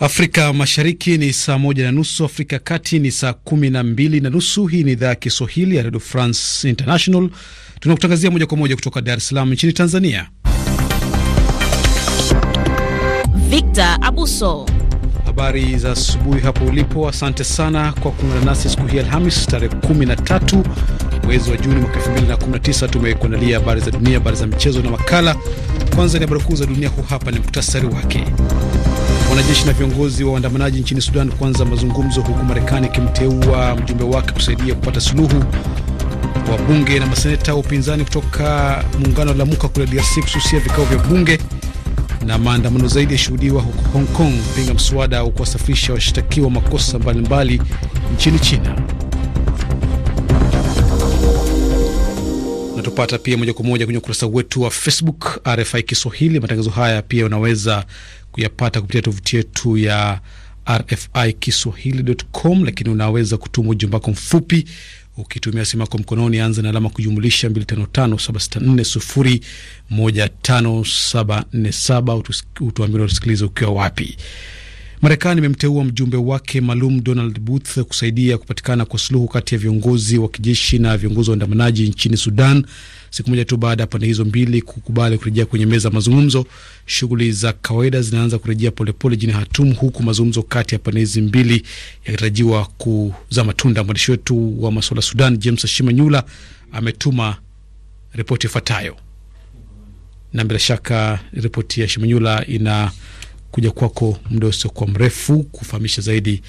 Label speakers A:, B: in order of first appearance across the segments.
A: Afrika Mashariki ni saa moja na nusu, Afrika ya Kati ni saa kumi na mbili na nusu. Hii ni idhaa ya Kiswahili ya Redio France International. Tunakutangazia moja kwa moja kutoka Dar es Salaam nchini Tanzania.
B: Victor Abuso,
A: habari za asubuhi hapo ulipo. Asante sana kwa kuungana nasi siku hii Alhamis tarehe 13 mwezi wa Juni mwaka 2019. Tumekuandalia habari za dunia, habari za michezo na makala. Kwanza ni habari kuu za dunia, huu hapa ni muktasari wake. Wanajeshi na viongozi wa waandamanaji nchini Sudan kuanza mazungumzo, huku Marekani ikimteua mjumbe wake kusaidia kupata suluhu. Wabunge na maseneta wa upinzani kutoka muungano wa Lamuka kule DRC kususia vikao vya bunge. Na maandamano zaidi yashuhudiwa huko Hong Kong kupinga mswada wa kuwasafirisha washtakiwa makosa mbalimbali nchini China. Natupata pia moja kwa moja kwenye ukurasa wetu wa Facebook RFI Kiswahili. Matangazo haya pia unaweza kuyapata kupitia tovuti yetu ya RFI Kiswahili.com, lakini unaweza kutuma ujumbe wako mfupi ukitumia simu yako mkononi, anza na alama kujumulisha 255764015747. Utuambie unasikiliza ukiwa wapi. Marekani imemteua mjumbe wake maalum Donald Booth kusaidia kupatikana kwa suluhu kati ya viongozi wa kijeshi na viongozi wa waandamanaji nchini Sudan siku moja tu baada ya pande hizo mbili kukubali kurejea kwenye meza ya mazungumzo. Shughuli za kawaida zinaanza kurejea polepole jini Hatum, huku mazungumzo kati ya pande hizi mbili yakitarajiwa kuzaa matunda. Mwandishi wetu wa masuala Sudan, James Nyula, ametuma ripoti ifuatayo, na bila shaka ripoti ya Shimanyula ina kwako muda usiokuwa mrefu kufahamisha zaidi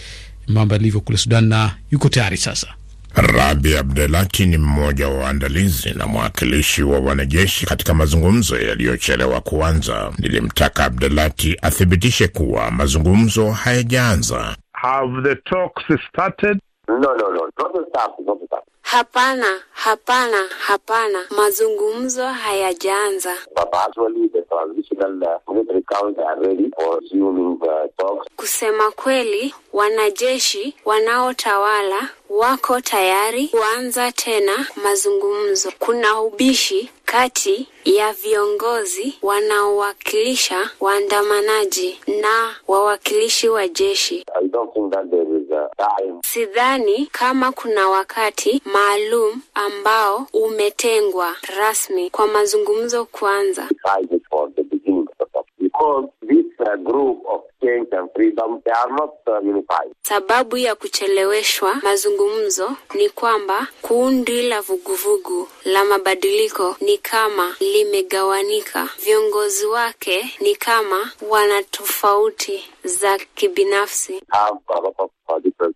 A: mambo yalivyo kule Sudan, na yuko tayari sasa.
C: Rabi Abdelati ni mmoja wa waandalizi na mwakilishi wa wanajeshi katika mazungumzo yaliyochelewa kuanza. Nilimtaka Abdelati athibitishe kuwa mazungumzo hayajaanza.
D: Have the
E: talks started? No, no, no. Hapana, hapana, hapana, mazungumzo hayajaanza. Kusema kweli, wanajeshi wanaotawala wako tayari kuanza tena mazungumzo. Kuna ubishi kati ya viongozi wanaowakilisha waandamanaji na wawakilishi wa jeshi. I don't think that Sidhani kama kuna wakati maalum ambao umetengwa rasmi kwa mazungumzo kwanza
F: because this uh, group of change and freedom they are not uh, unified.
E: Sababu ya kucheleweshwa mazungumzo ni kwamba kundi la vuguvugu la mabadiliko ni kama limegawanika, viongozi wake ni kama wana tofauti za kibinafsi.
C: Have a lot of different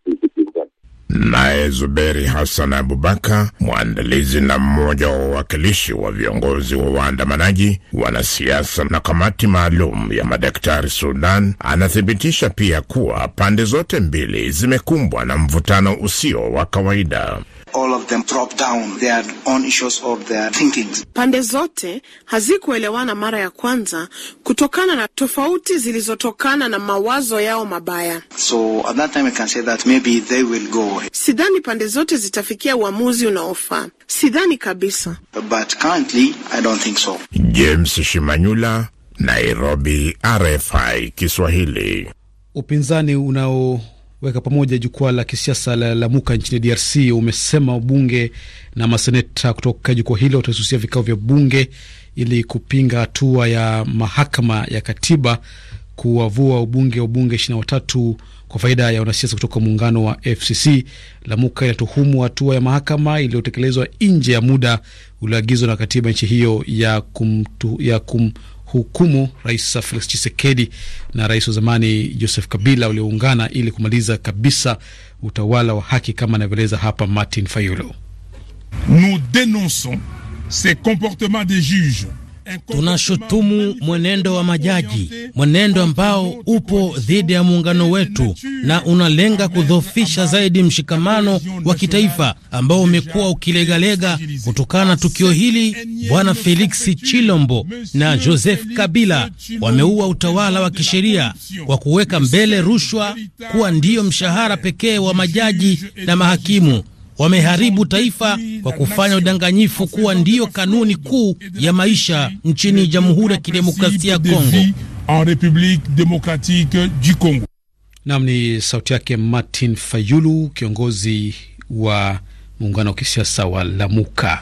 C: Naye Zuberi Hassan Abubakar, mwandalizi na mmoja wa wawakilishi wa viongozi wa waandamanaji, wanasiasa na kamati maalum ya madaktari Sudan, anathibitisha pia kuwa pande zote mbili zimekumbwa na mvutano usio wa kawaida
A: all of them drop down their own issues or their thinkings.
C: Pande zote hazikuelewana mara ya kwanza kutokana na tofauti zilizotokana na mawazo yao mabaya.
A: So at that time I can say
C: that maybe they will go. Sidhani pande zote zitafikia uamuzi unaofaa. Sidhani kabisa. But currently I don't think so. James Shimanyula, Nairobi, RFI Kiswahili.
A: Upinzani unao weka pamoja jukwaa la kisiasa la Lamuka nchini DRC umesema wabunge na maseneta kutoka jukwaa hilo watasusia vikao vya bunge ili kupinga hatua ya mahakama ya katiba kuwavua ubunge wa bunge ishirini na watatu kwa faida ya wanasiasa kutoka muungano wa FCC. Lamuka inatuhumu hatua ya mahakama iliyotekelezwa nje ya muda ulioagizwa na katiba nchi hiyo ya, kumtu, ya kum hukumu Rais Felix chisekedi na rais wa zamani Joseph Kabila walioungana ili kumaliza kabisa utawala wa haki, kama anavyoeleza hapa Martin Fayulu. Nous denonçons
C: ces comportements des juges Tunashutumu mwenendo wa majaji, mwenendo ambao upo dhidi ya muungano wetu na unalenga kudhoofisha zaidi mshikamano wa kitaifa ambao umekuwa ukilegalega kutokana na tukio hili. Bwana Felix Chilombo na Joseph Kabila wameua utawala wa kisheria kwa kuweka mbele rushwa kuwa ndiyo mshahara pekee wa majaji na mahakimu wameharibu taifa kwa kufanya udanganyifu kuwa ndiyo kanuni kuu ya maisha nchini Jamhuri ya Kidemokrasia ya Kongo.
A: Nam ni sauti yake Martin Fayulu, kiongozi wa muungano wa kisiasa wa Lamuka.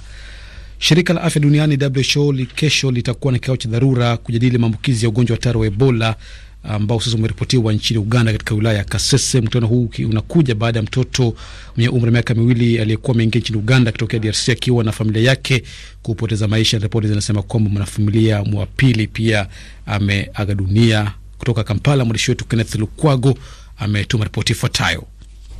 A: Shirika la afya duniani WHO kesho litakuwa na kikao cha dharura kujadili maambukizi ya ugonjwa hatari wa Ebola ambao sasa umeripotiwa nchini Uganda katika wilaya ya Kasese. Mkutano huu unakuja baada ya mtoto mwenye umri wa miaka miwili aliyekuwa ameingia nchini Uganda kutokea DRC akiwa na familia yake kupoteza maisha. Ripoti zinasema kwamba mwanafamilia wa pili pia ameaga dunia. Kutoka Kampala, mwandishi wetu Kenneth Lukwago ametuma ripoti ifuatayo.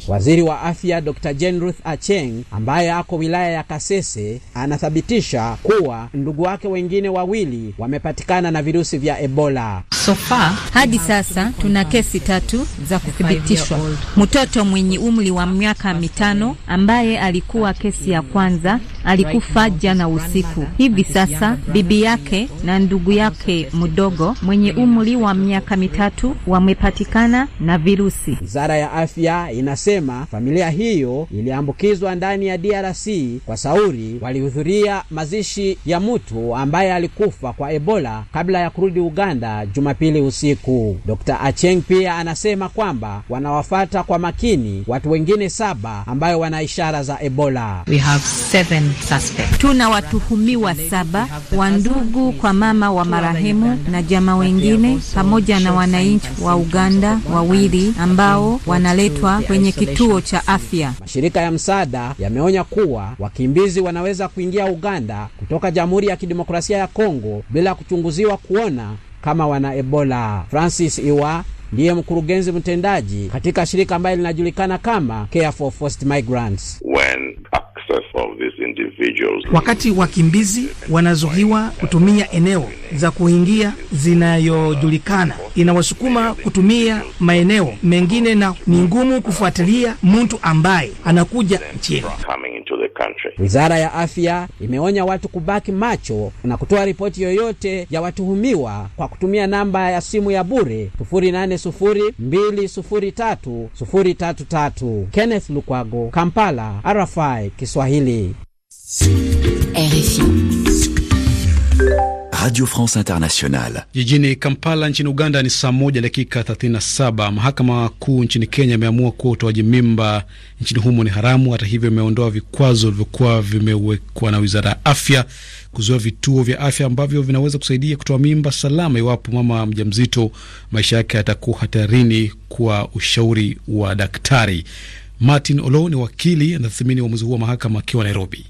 A: Waziri
G: wa afya Dr. Jane Ruth Acheng ambaye ako wilaya ya Kasese anathibitisha kuwa ndugu wake wengine wawili wamepatikana na virusi vya Ebola.
B: So far, hadi sasa tuna kesi tatu za kuthibitishwa. Mtoto mwenye umri wa miaka mitano ambaye alikuwa kesi ya kwanza alikufa jana usiku. Hivi sasa bibi yake na ndugu yake mdogo mwenye umri wa miaka mitatu wamepatikana na virusi. Wizara ya
G: afya inasema amesema familia hiyo iliambukizwa ndani ya DRC kwa sauri walihudhuria mazishi ya mtu ambaye alikufa kwa Ebola kabla ya kurudi Uganda Jumapili usiku. Dr. Acheng pia anasema kwamba wanawafata kwa makini watu wengine saba ambayo wana ishara za Ebola.
B: We have seven suspects. Tuna watuhumiwa saba wa ndugu kwa mama wa marehemu na jamaa wengine pamoja na wananchi wa Uganda wawili ambao wanaletwa kwenye kituo cha afya.
G: Mashirika ya msaada yameonya kuwa wakimbizi wanaweza kuingia Uganda kutoka Jamhuri ya Kidemokrasia ya Kongo bila kuchunguziwa kuona kama wana Ebola. Francis Iwa, ndiye mkurugenzi mtendaji katika shirika ambayo linajulikana kama Care for Forced Migrants. When wakati
C: wakimbizi wanazuiwa kutumia eneo za kuingia zinayojulikana, inawasukuma kutumia maeneo mengine, na ni ngumu kufuatilia
G: mtu ambaye anakuja
C: nchini. Wizara
G: ya Afya imeonya watu kubaki macho na kutoa ripoti yoyote ya watuhumiwa kwa kutumia namba ya simu ya bure Kenneth Lukwago, Kampala, RFI Kiswahili.
F: Radio France Internationale.
A: Jijini Kampala nchini Uganda ni saa moja dakika 37. Mahakama Kuu nchini Kenya imeamua kuwa utoaji mimba nchini humo ni haramu. Hata hivyo, imeondoa vikwazo vilivyokuwa vimewekwa na wizara ya afya kuzuia vituo vya afya ambavyo vinaweza kusaidia kutoa mimba salama iwapo mama mjamzito maisha yake yatakuwa hatarini kwa ushauri wa daktari. Martin Olo ni wakili anatathmini uamuzi huo wa mahakama akiwa Nairobi.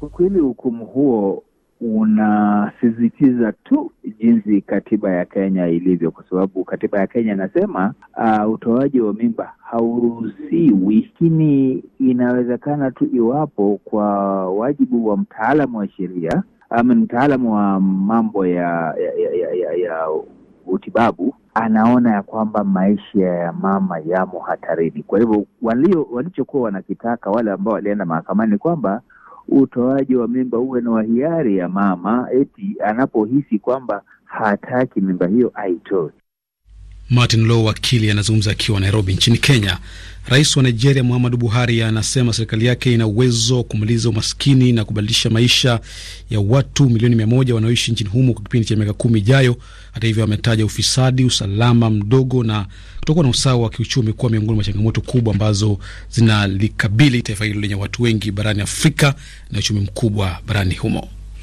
F: Kwa kweli hukumu huo unasisitiza tu jinsi katiba ya Kenya ilivyo, kwa sababu katiba ya Kenya inasema uh, utoaji wa mimba hauruhusiwi, lakini inawezekana tu iwapo kwa wajibu wa mtaalamu wa sheria ama mtaalamu wa mambo ya, ya, ya, ya, ya, ya utibabu anaona ya kwamba maisha ya mama yamo hatarini. Kwa hivyo walichokuwa wanakitaka wale ambao walienda mahakamani kwamba utoaji wa mimba uwe na wahiari ya mama, eti anapohisi kwamba hataki mimba hiyo
A: aitoe. Martin Low, wakili, anazungumza akiwa Nairobi nchini Kenya. Rais wa Nigeria Muhammadu Buhari anasema serikali yake ina uwezo wa kumaliza umaskini na kubadilisha maisha ya watu milioni mia moja wanaoishi nchini humo kwa kipindi cha miaka kumi ijayo. Hata hivyo, ametaja ufisadi, usalama mdogo na kutokuwa na usawa wa kiuchumi kuwa miongoni mwa changamoto kubwa ambazo zinalikabili taifa hilo lenye watu wengi barani Afrika na uchumi mkubwa barani humo.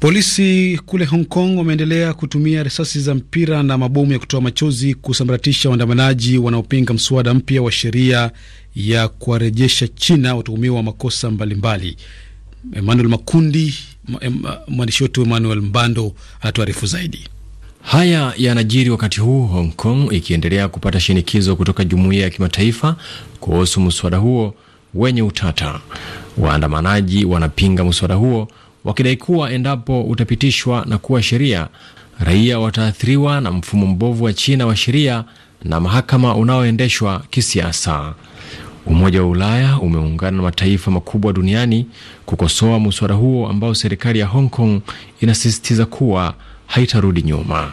A: Polisi kule Hong Kong wameendelea kutumia risasi za mpira na mabomu ya kutoa machozi kusambaratisha waandamanaji wanaopinga mswada mpya wa sheria ya kuwarejesha China watuhumiwa wa makosa mbalimbali. Emmanuel Makundi, mwandishi wetu Emmanuel Mbando anatuarifu zaidi.
C: Haya yanajiri wakati huu Hong Kong ikiendelea kupata shinikizo kutoka jumuiya ya kimataifa kuhusu mswada huo wenye utata. Waandamanaji wanapinga mswada huo wakidai kuwa endapo utapitishwa na kuwa sheria, raia wataathiriwa na mfumo mbovu wa China wa sheria na mahakama unaoendeshwa kisiasa. Umoja wa Ulaya umeungana na mataifa makubwa duniani kukosoa mswada huo ambao serikali ya Hong Kong inasisitiza kuwa haitarudi nyuma.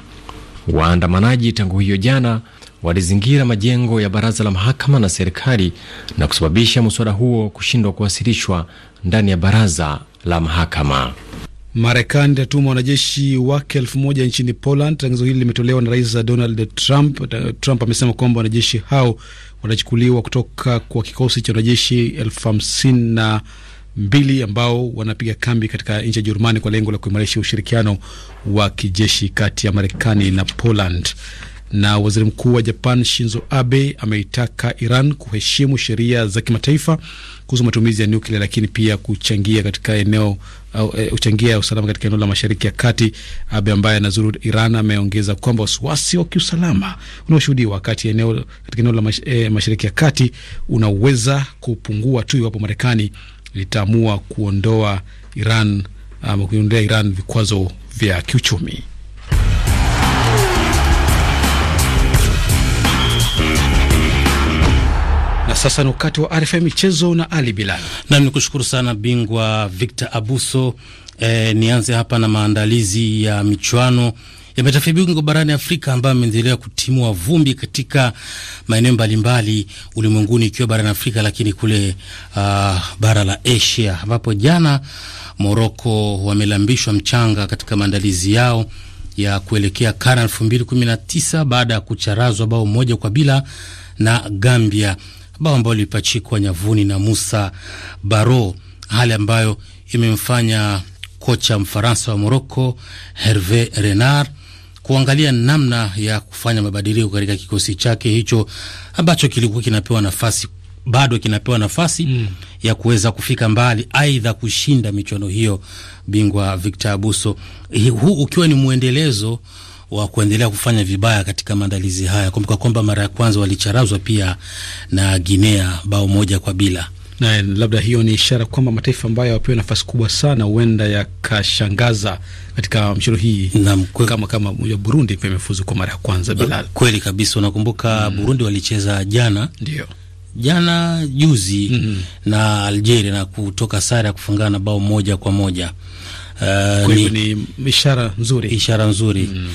C: Waandamanaji tangu hiyo jana walizingira majengo ya baraza la mahakama na serikali na kusababisha mswada huo kushindwa kuwasilishwa ndani ya baraza la mahakama.
A: Marekani itatuma wanajeshi wake elfu moja nchini Poland. Tangazo hili limetolewa na rais Donald Trump. Trump amesema kwamba wanajeshi hao wanachukuliwa kutoka kwa kikosi cha wanajeshi elfu hamsini na mbili ambao wanapiga kambi katika nchi ya Jerumani kwa lengo la kuimarisha ushirikiano wa kijeshi kati ya Marekani na Poland. Na waziri mkuu wa Japan Shinzo Abe ameitaka Iran kuheshimu sheria za kimataifa kuhusu matumizi ya nuklia lakini pia kuchangia katika eneo eh, uchangia uh, usalama katika eneo la Mashariki ya Kati. Abe ambaye anazuru Iran ameongeza kwamba wasiwasi wa kiusalama unaoshuhudiwa katika eneo la mash, eh, Mashariki ya Kati unaweza kupungua tu iwapo Marekani litaamua kuondoa Iran um, kuondoa Iran vikwazo vya kiuchumi. Na sasa ni wakati wa RFI michezo na Ali Bilal. Nam ni kushukuru sana bingwa
C: Victor Abuso. E, nianze hapa na maandalizi ya michuano ya mataifa bingwa barani Afrika ambayo ameendelea kutimua vumbi katika maeneo mbalimbali ulimwenguni, ikiwa barani Afrika lakini kule uh, bara la Asia ambapo jana Moroko wamelambishwa mchanga katika maandalizi yao ya kuelekea Kana elfu baada ya kucharazwa bao moja kwa bila na Gambia bao ambayo lilipachikwa nyavuni na Musa Baro, hali ambayo imemfanya kocha Mfaransa wa Morocco Herve Renard kuangalia namna ya kufanya mabadiliko katika kikosi chake hicho ambacho kilikuwa kinapewa nafasi bado kinapewa nafasi mm, ya kuweza kufika mbali, aidha kushinda michuano hiyo. Bingwa Victor Abuso, huu ukiwa ni mwendelezo wa kuendelea kufanya vibaya katika maandalizi haya. Kumbuka kwamba mara ya kwanza walicharazwa pia na Guinea bao moja kwa bila
A: na labda hiyo ni ishara kwamba mataifa ambayo wapewe nafasi kubwa sana huenda yakashangaza katika mchoro hii mkwe... kama kama ya Burundi pia imefuzu kwa mara ya kwanza bila. Kweli kabisa, unakumbuka mm. Burundi walicheza jana,
C: ndio jana juzi mm -hmm. na Algeria na kutoka sare ya kufungana na bao moja kwa moja. Uh, ni, ni ishara nzuri, ishara nzuri mm.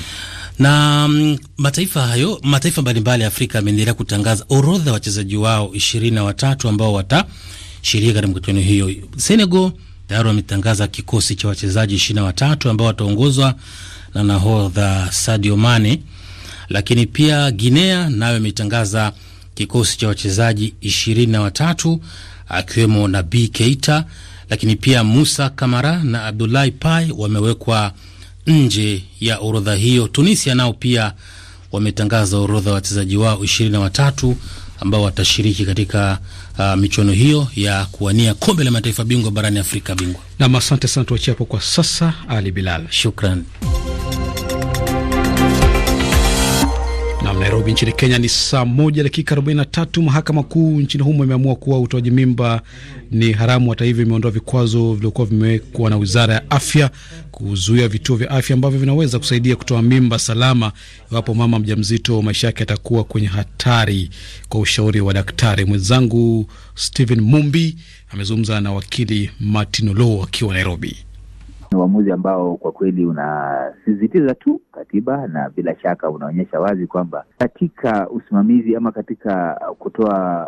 C: Na mm, mataifa hayo mataifa mbalimbali ya Afrika yameendelea kutangaza orodha ya wachezaji wao ishirini na watatu ambao watashiriki katika mikutano hiyo. Senegal tayari wametangaza kikosi cha wachezaji ishirini na watatu ambao wataongozwa na nahodha Sadio Mane, lakini pia Guinea nayo imetangaza kikosi cha wachezaji ishirini na watatu akiwemo Nabi Keita lakini pia Musa Kamara na Abdullahi Pai wamewekwa nje ya orodha hiyo. Tunisia nao pia wametangaza orodha ya wachezaji wao ishirini na watatu ambao watashiriki katika uh, michuano hiyo ya kuwania kombe la mataifa bingwa barani Afrika. Bingwa
A: nam, asante sana, tuachie hapo kwa sasa.
C: Ali Bilal, shukran.
A: Nairobi nchini Kenya ni saa moja dakika 43. Mahakama Kuu nchini humo imeamua kuwa utoaji mimba ni haramu. Hata hivyo, imeondoa vikwazo vilivyokuwa vimewekwa na wizara ya afya kuzuia vituo vya afya ambavyo vinaweza kusaidia kutoa mimba salama, iwapo mama mjamzito maisha yake atakuwa kwenye hatari, kwa ushauri wa daktari. Mwenzangu Stephen Mumbi amezungumza na wakili Martin Olo akiwa Nairobi.
F: Ni uamuzi ambao kwa kweli unasisitiza tu katiba na bila shaka unaonyesha wazi kwamba katika usimamizi ama katika kutoa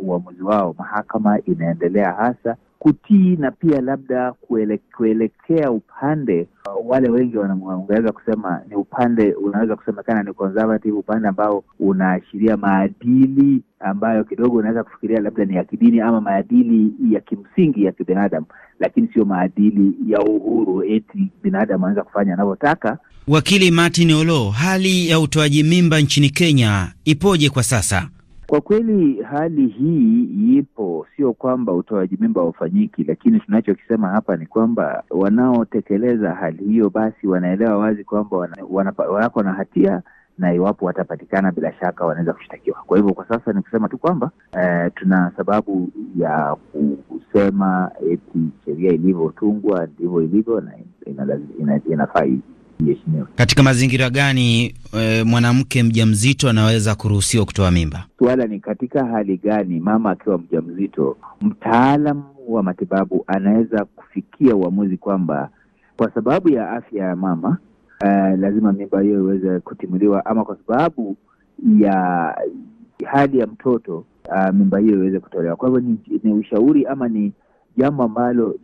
F: uh, uamuzi wao mahakama inaendelea hasa kutii na pia labda kuele, kuelekea upande wale wengi wanaweza kusema ni upande unaweza kusemekana ni conservative, upande ambao unaashiria maadili ambayo kidogo unaweza kufikiria labda ni ya kidini ama maadili ya kimsingi ya kibinadamu, lakini sio maadili ya uhuru eti binadamu anaweza kufanya anavyotaka.
C: Wakili Martin Olo, hali ya utoaji mimba nchini Kenya ipoje kwa sasa? Kwa kweli
F: hali hii ipo, sio kwamba utoaji mimba haufanyiki, lakini tunachokisema hapa ni kwamba wanaotekeleza hali hiyo basi wanaelewa wazi kwamba wanako na hatia na iwapo watapatikana bila shaka wanaweza kushtakiwa. Kwa hivyo kwa sasa ni kusema tu kwamba eh, tuna sababu ya kusema eti sheria ilivyotungwa ndivyo ilivyo na inafaa ina, ina, ina, ina
C: katika mazingira gani e, mwanamke mjamzito anaweza kuruhusiwa kutoa mimba?
F: Suala ni katika hali gani mama akiwa mjamzito, mtaalam wa matibabu anaweza kufikia uamuzi kwamba kwa sababu ya afya ya mama Uh, lazima mimba hiyo iweze kutimuliwa ama kwa sababu ya hali ya mtoto uh, mimba hiyo iweze kutolewa. Kwa hivyo ni, ni ushauri ama ni jambo ambalo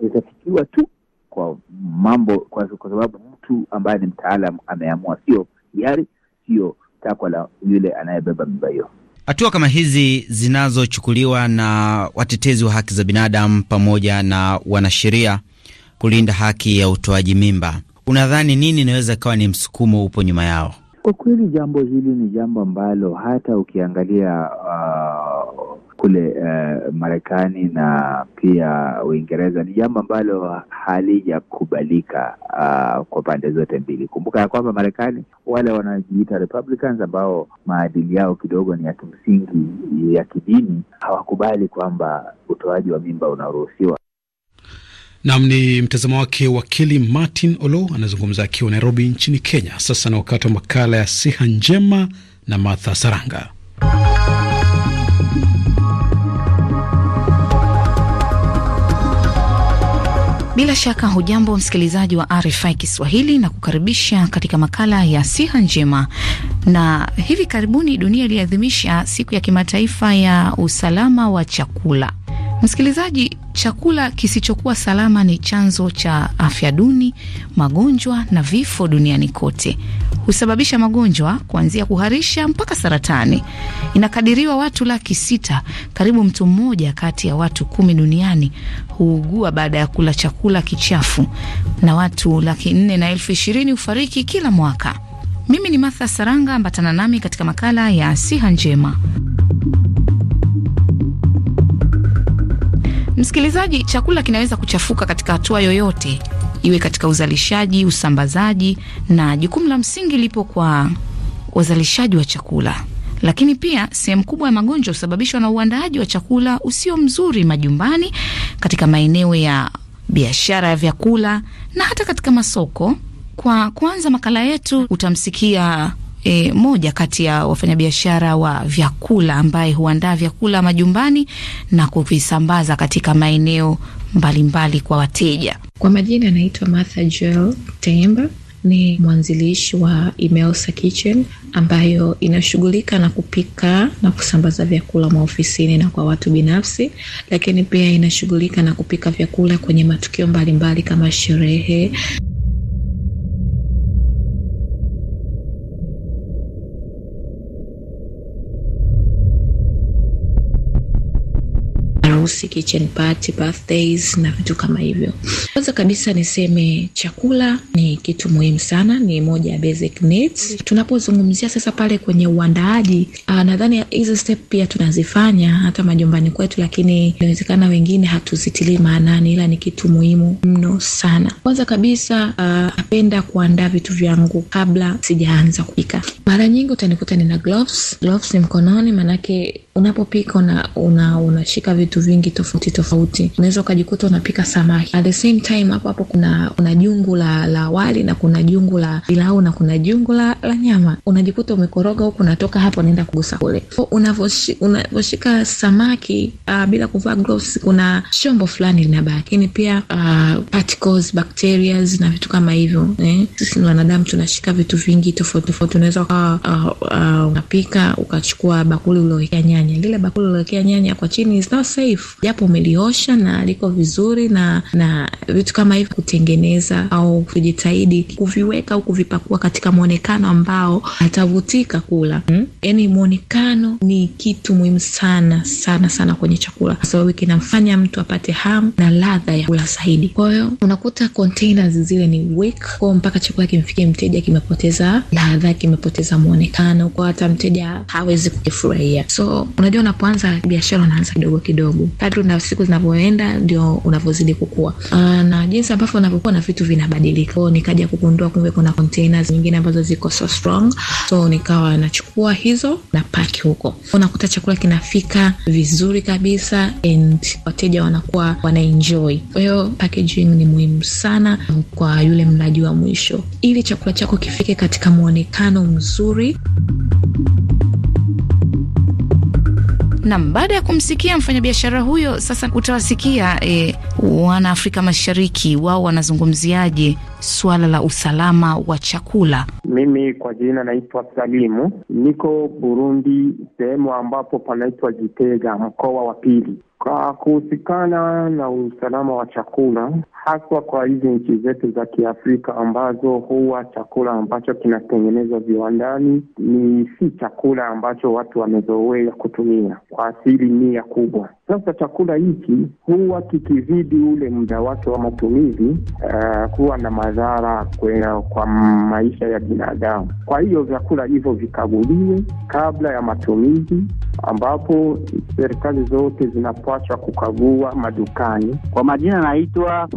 F: litafikiwa tu kwa mambo kwa, kwa sababu mtu ambaye ni mtaalam ameamua, sio hiari, sio takwa la yule anayebeba mimba hiyo.
C: Hatua kama hizi zinazochukuliwa na watetezi wa haki za binadamu pamoja na wanasheria kulinda haki ya utoaji mimba, unadhani nini inaweza ikawa ni msukumo upo nyuma yao?
F: Kwa kweli jambo hili ni jambo ambalo hata ukiangalia uh, kule uh, Marekani na pia Uingereza ni jambo ambalo halijakubalika uh, kwa pande zote mbili. Kumbuka ya kwamba Marekani wale wanajiita Republicans ambao maadili yao kidogo ni ya kimsingi ya kidini hawakubali kwamba utoaji wa mimba unaruhusiwa.
A: Nam ni mtazamo wake wakili Martin Olo anazungumza akiwa Nairobi nchini Kenya. Sasa na wakati wa makala ya siha njema na Martha Saranga.
H: Bila shaka hujambo msikilizaji wa RFI Kiswahili na kukaribisha katika makala ya siha njema. Na hivi karibuni dunia iliadhimisha siku ya kimataifa ya usalama wa chakula. Msikilizaji, chakula kisichokuwa salama ni chanzo cha afya duni, magonjwa na vifo duniani kote. Husababisha magonjwa kuanzia kuharisha mpaka saratani. Inakadiriwa watu laki sita, karibu mtu mmoja kati ya watu kumi duniani huugua baada ya kula chakula kichafu, na watu laki nne na elfu ishirini hufariki kila mwaka. Mimi ni Martha Saranga, ambatana nami katika makala ya Siha Njema. Msikilizaji, chakula kinaweza kuchafuka katika hatua yoyote, iwe katika uzalishaji, usambazaji, na jukumu la msingi lipo kwa wazalishaji wa chakula. Lakini pia sehemu kubwa ya magonjwa husababishwa na uandaaji wa chakula usio mzuri majumbani, katika maeneo ya biashara ya vyakula na hata katika masoko. Kwa kuanza makala yetu, utamsikia e, moja kati ya wafanyabiashara wa vyakula ambaye huandaa vyakula majumbani na kuvisambaza katika maeneo mbalimbali mbali kwa wateja. Kwa majina anaitwa Martha Joel Temba, ni mwanzilishi
B: wa Imelsa Kitchen ambayo inashughulika na kupika na kusambaza vyakula maofisini na kwa watu binafsi, lakini pia inashughulika na kupika vyakula kwenye matukio mbalimbali mbali kama sherehe harusi, kitchen party, birthdays na vitu kama hivyo. Kwanza kabisa niseme chakula ni kitu muhimu sana, ni moja ya basic needs. Tunapozungumzia sasa pale kwenye uandaaji, ah, nadhani hizi step pia tunazifanya hata majumbani kwetu, lakini inawezekana wengine hatuzitilii maanani, ila ni kitu muhimu mno sana. Kwanza kabisa ah, napenda kuandaa vitu vyangu kabla sijaanza kupika. Mara nyingi utanikuta nina gloves. Gloves ni mkononi, maanake Unapopika una, una unashika vitu vingi tofauti tofauti, unaweza ukajikuta unapika samaki at the same time, hapo hapo kuna kuna jungu la, la wali na kuna jungu la pilau na kuna jungu la, la nyama, unajikuta umekoroga huku unatoka hapo unaenda kugusa kule. Unavyoshika samaki uh, bila kuvaa gloves, kuna shombo fulani linabaki, lakini pia uh, particles, bacteria na vitu kama hivyo eh. Sisi ni wanadamu tunashika vitu vingi tofauti tofauti, unaweza ukawa uh, uh, ah, unapika ukachukua bakuli uliowekea nyanya nyanya, lile bakuli lilowekea nyanya kwa chini is not safe, japo umeliosha na liko vizuri na na vitu kama hivi, kutengeneza au kujitahidi kuviweka au kuvipakua katika mwonekano ambao atavutika kula hmm? Yani mwonekano ni kitu muhimu sana sana sana kwenye chakula, kwa sababu kinamfanya mtu apate hamu na ladha ya kula zaidi. Kwa hiyo unakuta containers zile ni weak, kwa mpaka chakula kimfikie mteja kimepoteza ladha, kimepoteza mwonekano, kwa hata mteja hawezi kukifurahia. So Unajua, unapoanza biashara unaanza kidogo kidogo, kadri na siku zinavyoenda ndio unavyozidi kukua. Uh, na jinsi ambavyo unavyokuwa na vitu vinabadilika. Kwao nikaja kugundua kumbe kuna containers nyingine ambazo ziko so strong, so nikawa nachukua hizo na paki huko, unakuta chakula kinafika vizuri kabisa and wateja wanakuwa wanaenjoy. Kwa hiyo packaging ni muhimu sana kwa yule mlaji wa mwisho, ili chakula chako kifike
H: katika mwonekano mzuri. Nam, baada ya kumsikia mfanyabiashara huyo, sasa utawasikia e, wana Afrika Mashariki wao wanazungumziaje suala la usalama wa chakula.
I: Mimi kwa jina naitwa Salimu, niko Burundi, sehemu ambapo panaitwa jitega mkoa wa pili. Kwa kuhusikana na usalama wa chakula haswa kwa hizi nchi zetu za Kiafrika ambazo huwa chakula ambacho kinatengenezwa viwandani ni si chakula ambacho watu wamezoea kutumia kwa asilimia kubwa. Sasa chakula hiki huwa kikizidi ule muda wake wa matumizi, uh, kuwa na madhara kwa, kwa maisha ya binadamu. Kwa hiyo vyakula hivyo vikaguliwe kabla ya matumizi,
F: ambapo serikali zote zinapaswa kukagua madukani. Kwa majina naitwa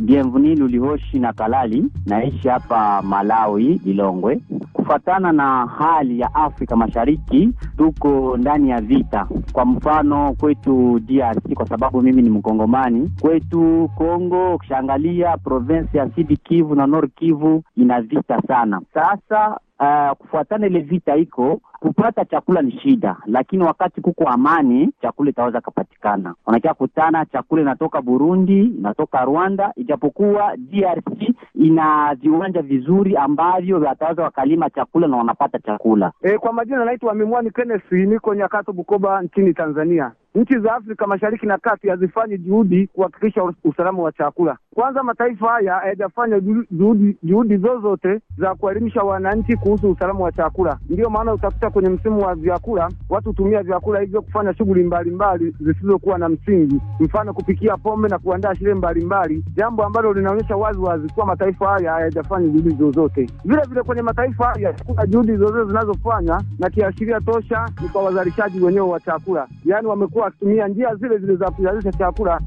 F: Bienveni Lulihoshi na Kalali, naishi hapa Malawi, Lilongwe. Kufatana na hali ya Afrika Mashariki, tuko ndani ya vita. Kwa mfano kwetu DRC kwa sababu mimi ni Mkongomani. Kwetu Kongo, ukishaangalia province ya Sud Kivu na Nord Kivu ina vita sana sasa. Uh, kufuatana ile vita iko kupata chakula ni shida, lakini wakati kuko amani chakula itaweza kupatikana. Wanakia kutana chakula inatoka Burundi, inatoka Rwanda, ijapokuwa DRC ina viwanja vizuri ambavyo wataweza wakalima chakula na wanapata chakula.
I: E, kwa majina naitwa Mimwani Kenneth, niko Nyakato Bukoba nchini Tanzania nchi za Afrika Mashariki na Kati hazifanyi juhudi kuhakikisha usalama wa chakula. Kwanza, mataifa haya hayajafanya juhudi, juhudi zozote za kuelimisha wananchi kuhusu usalama wa chakula. Ndiyo maana utakuta kwenye msimu wa vyakula watu hutumia vyakula hivyo kufanya shughuli mbalimbali zisizokuwa na msingi, mfano kupikia pombe na kuandaa sherehe mbalimbali, jambo ambalo linaonyesha wazi wazi kuwa mataifa haya hayajafanya juhudi zozote. Vile vile kwenye mataifa haya kuna juhudi zozote zinazofanywa, na kiashiria tosha ni kwa wazalishaji wenyewe wa chakula, yaani wamekuwa wakitumia njia zile zile za kuzalisha chakula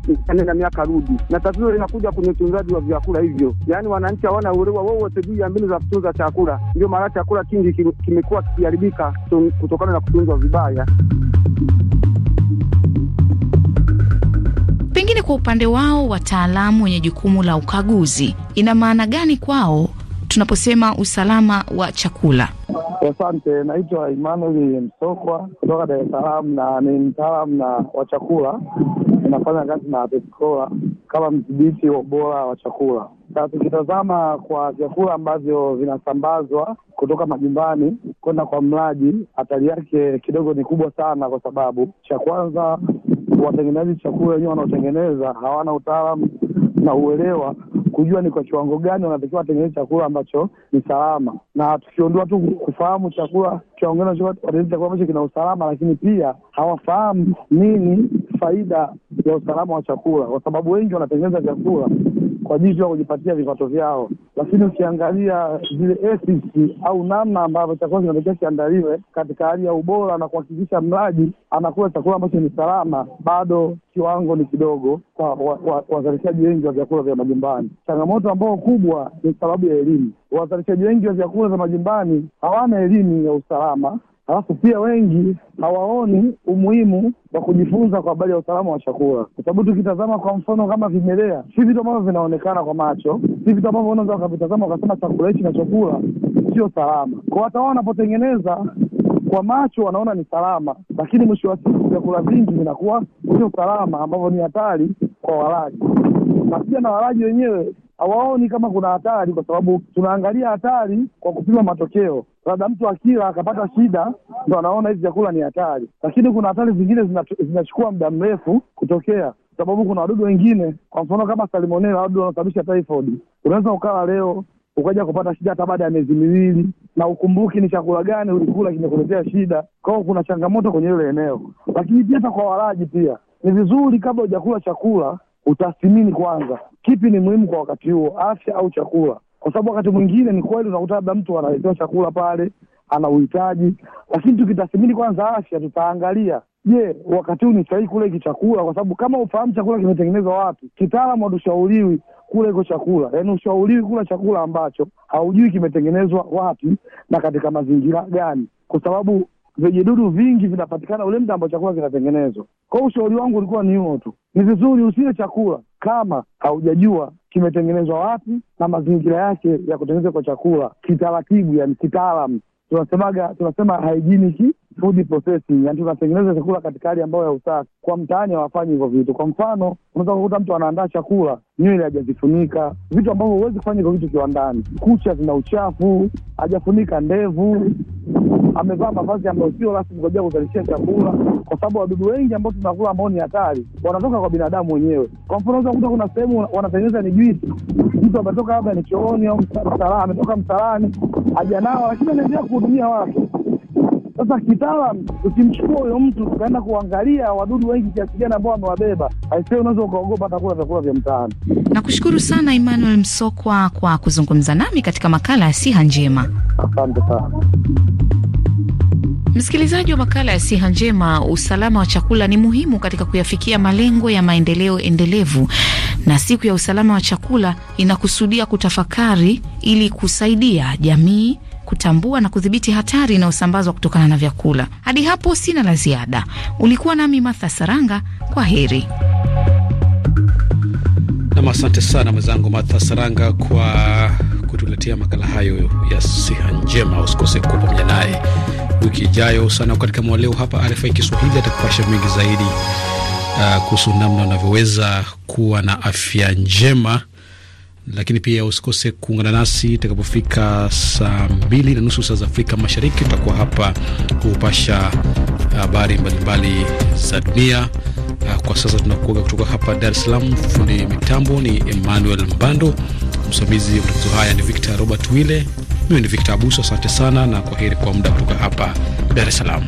I: na miaka rudi, na tatizo linakuja kwenye utunzaji wa vyakula hivyo, yaani wananchi hawana uelewa wowote juu ya mbinu za kutunza chakula. Ndio maana chakula kingi kimekuwa kikiharibika kutokana na kutunzwa vibaya.
H: Pengine kwa upande wao wataalamu wenye jukumu la ukaguzi, ina maana gani kwao tunaposema usalama wa chakula?
I: Asante, naitwa Emmanuel Msokwa kutoka Dar es Salaam na ni mtaalamu na wa chakula, inafanya kazi na TESCOLA kama mdhibiti wa ubora wa chakula. Na tukitazama kwa vyakula ambavyo vinasambazwa kutoka majumbani kwenda kwa mlaji, hatari yake kidogo ni kubwa sana, kwa sababu cha kwanza, watengenezaji chakula wenyewe wanaotengeneza hawana utaalamu na uelewa kujua ni kwa kiwango gani wanatakiwa watengeneze chakula ambacho ni salama, na tukiondoa tu kufahamu chakula kiwango gani watengeneze chakula ambacho kina usalama, lakini pia hawafahamu nini faida ya usalama wa chakula, kwa sababu wengi wanatengeneza chakula kwa jinsi wa kujipatia vipato vyao, lakini ukiangalia zile ethics au namna ambavyo chakula kinatakiwa kiandaliwe katika hali ya ubora na kuhakikisha mlaji anakula chakula ambacho ni salama, bado kiwango ni kidogo kwa wazalishaji wengi wa vyakula vya majumbani. Changamoto ambayo kubwa ni sababu ya elimu. Wazalishaji wengi wa vyakula vya majumbani hawana elimu ya usalama Alafu pia wengi hawaoni umuhimu wa kujifunza kwa habari ya usalama wa chakula, kwa sababu tukitazama kwa mfano kama vimelea, si vitu ambavyo vinaonekana kwa macho, si vitu ambavyo unaweza ukavitazama ukasema chakula hichi na chakula sio salama. Kwa hata wao wanapotengeneza kwa macho wanaona ni salama, lakini mwisho wa siku vyakula vingi vinakuwa sio salama, ambavyo ni hatari kwa walaji na pia na walaji wenyewe hawaoni kama kuna hatari, kwa sababu tunaangalia hatari kwa kupima matokeo. Labda mtu akila akapata shida, ndo anaona hizi vyakula ni hatari, lakini kuna hatari zingine zinachukua muda mrefu kutokea sababu kuna wadudu wengine, kwa mfano kama salmonella, wadudu wanaosababisha typhoid. Unaweza ukala leo ukaja kupata shida hata baada ya miezi miwili, na ukumbuki ni chakula gani ulikula kimekuletea shida. Kwao kuna changamoto kwenye ile eneo, lakini pia hata kwa walaji pia ni vizuri kabla hujakula chakula utathimini kwanza kipi ni muhimu kwa wakati huo, afya au chakula, kwa sababu wakati mwingine ni kweli unakuta labda mtu analetewa chakula pale ana uhitaji, lakini tukitathimini kwanza afya, tutaangalia je, wakati huu ni sahihi kula hiki chakula, kwa sababu kama ufahamu chakula kimetengenezwa wapi, kitaalamu hatushauriwi kula hiko chakula. Yaani ushauriwi kula chakula ambacho haujui kimetengenezwa wapi na katika mazingira gani, kwa sababu vijidudu vingi vinapatikana ule mda ambao chakula kinatengenezwa. Kwa ushauri wangu ulikuwa ni huo tu, ni vizuri usile chakula kama haujajua kimetengenezwa wapi na mazingira yake ya kutengenezwa kwa chakula kitaratibu, yani kitaalam tunasemaga tunasema hygienic food processing, yani tunatengeneza chakula katika hali ambayo ya usafi Kwa mtaani hawafanyi hivyo vitu. Kwa mfano, unaweza kukuta mtu anaandaa chakula nywele hajazifunika, vitu ambavyo huwezi kufanya hivyo vitu kiwandani. Kucha zina uchafu, hajafunika ndevu, amevaa mavazi ambayo sio rasmi kwa ajili ya kuzalishia chakula, kwa sababu wadudu wengi ambao tunakula ambao ni hatari wanatoka kwa binadamu wenyewe. Kwa mfano, unaweza kukuta kuna sehemu wanatengeneza ni juisi, mtu ametoka labda ni chooni au ametoka msalani, hajanawa, lakini anaendelea kuhudumia watu sasa kitaalam, ukimchukua huyo mtu tukaenda kuangalia wadudu wengi kiasi gani ambao amewabeba, aisee, unaweza ukaogopa hata kula vyakula vya mtaani.
H: Nakushukuru sana Emmanuel Msokwa kwa kuzungumza nami katika makala ya Siha Njema.
A: Asante sana.
H: Msikilizaji wa makala ya siha njema, usalama wa chakula ni muhimu katika kuyafikia malengo ya maendeleo endelevu, na siku ya usalama wa chakula inakusudia kutafakari ili kusaidia jamii, kutambua na kudhibiti hatari inayosambazwa kutokana na vyakula. Hadi hapo sina la ziada. Ulikuwa nami Martha Saranga, kwa heri.
A: Nam, asante sana mwenzangu Martha Saranga kwa kutuletea makala hayo ya siha njema. Usikose kuwa pamoja naye wiki ijayo sana katika mwaleo hapa RFI Kiswahili atakupasha mengi zaidi uh, kuhusu namna unavyoweza kuwa na afya njema lakini pia usikose kuungana nasi itakapofika saa mbili na nusu saa za Afrika Mashariki. Tutakuwa hapa kupasha habari mbalimbali za dunia. Ah, kwa sasa tunakuaga kutoka hapa Dar es Salaam. Fundi mitambo ni Emmanuel Mbando, msimamizi wa matatizo haya ni Victor Robert Wille, mimi ni Victor Abuso. Asante sana na kwa heri kwa muda kutoka hapa Dar es Salaam.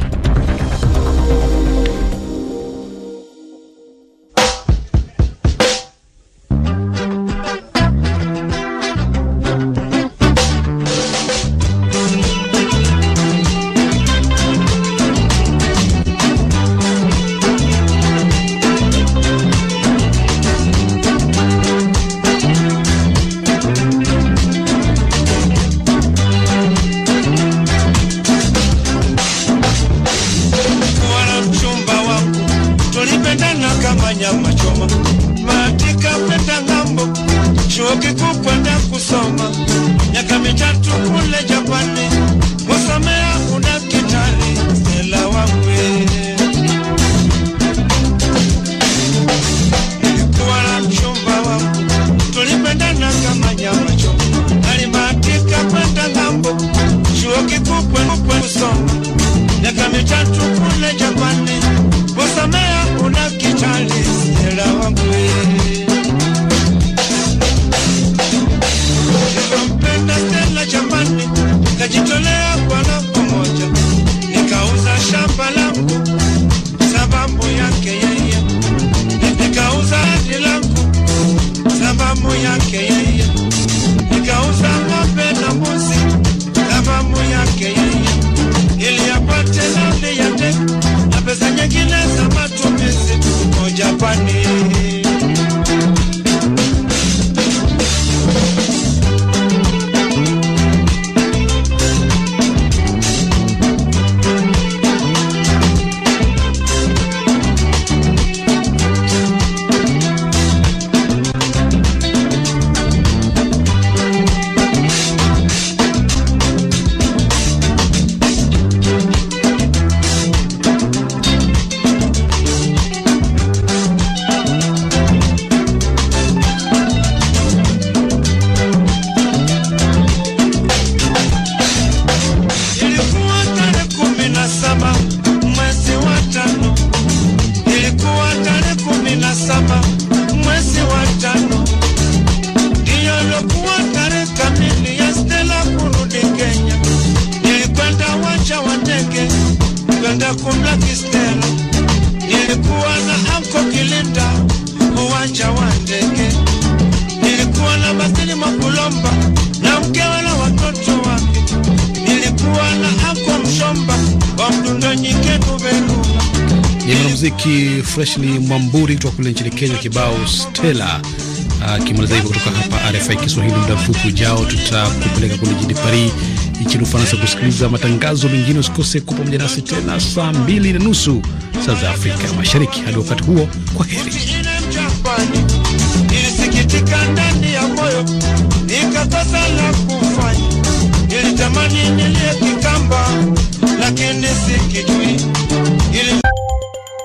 D: kumla Kislero, nilikuwa na anko Kilinda uwanja wa ndege, nilikuwa na Basili Makulomba na mkewe na watoto wake, nilikuwa na anko Mshomba wa Mdundonyike Buberuma.
A: Ni mwanamuziki Freshly Mwamburi kutoka kule nchini Kenya, kibao Stella akimaliza uh, hivyo kutoka hapa RFI Kiswahili. Muda mfupi ujao tutakupeleka kule jijini Paris nchini Ufaransa. Kusikiliza matangazo mengine, usikose kuwa pamoja nasi tena saa mbili na nusu saa za Afrika Mashariki. Hadi wakati huo, kwa heri.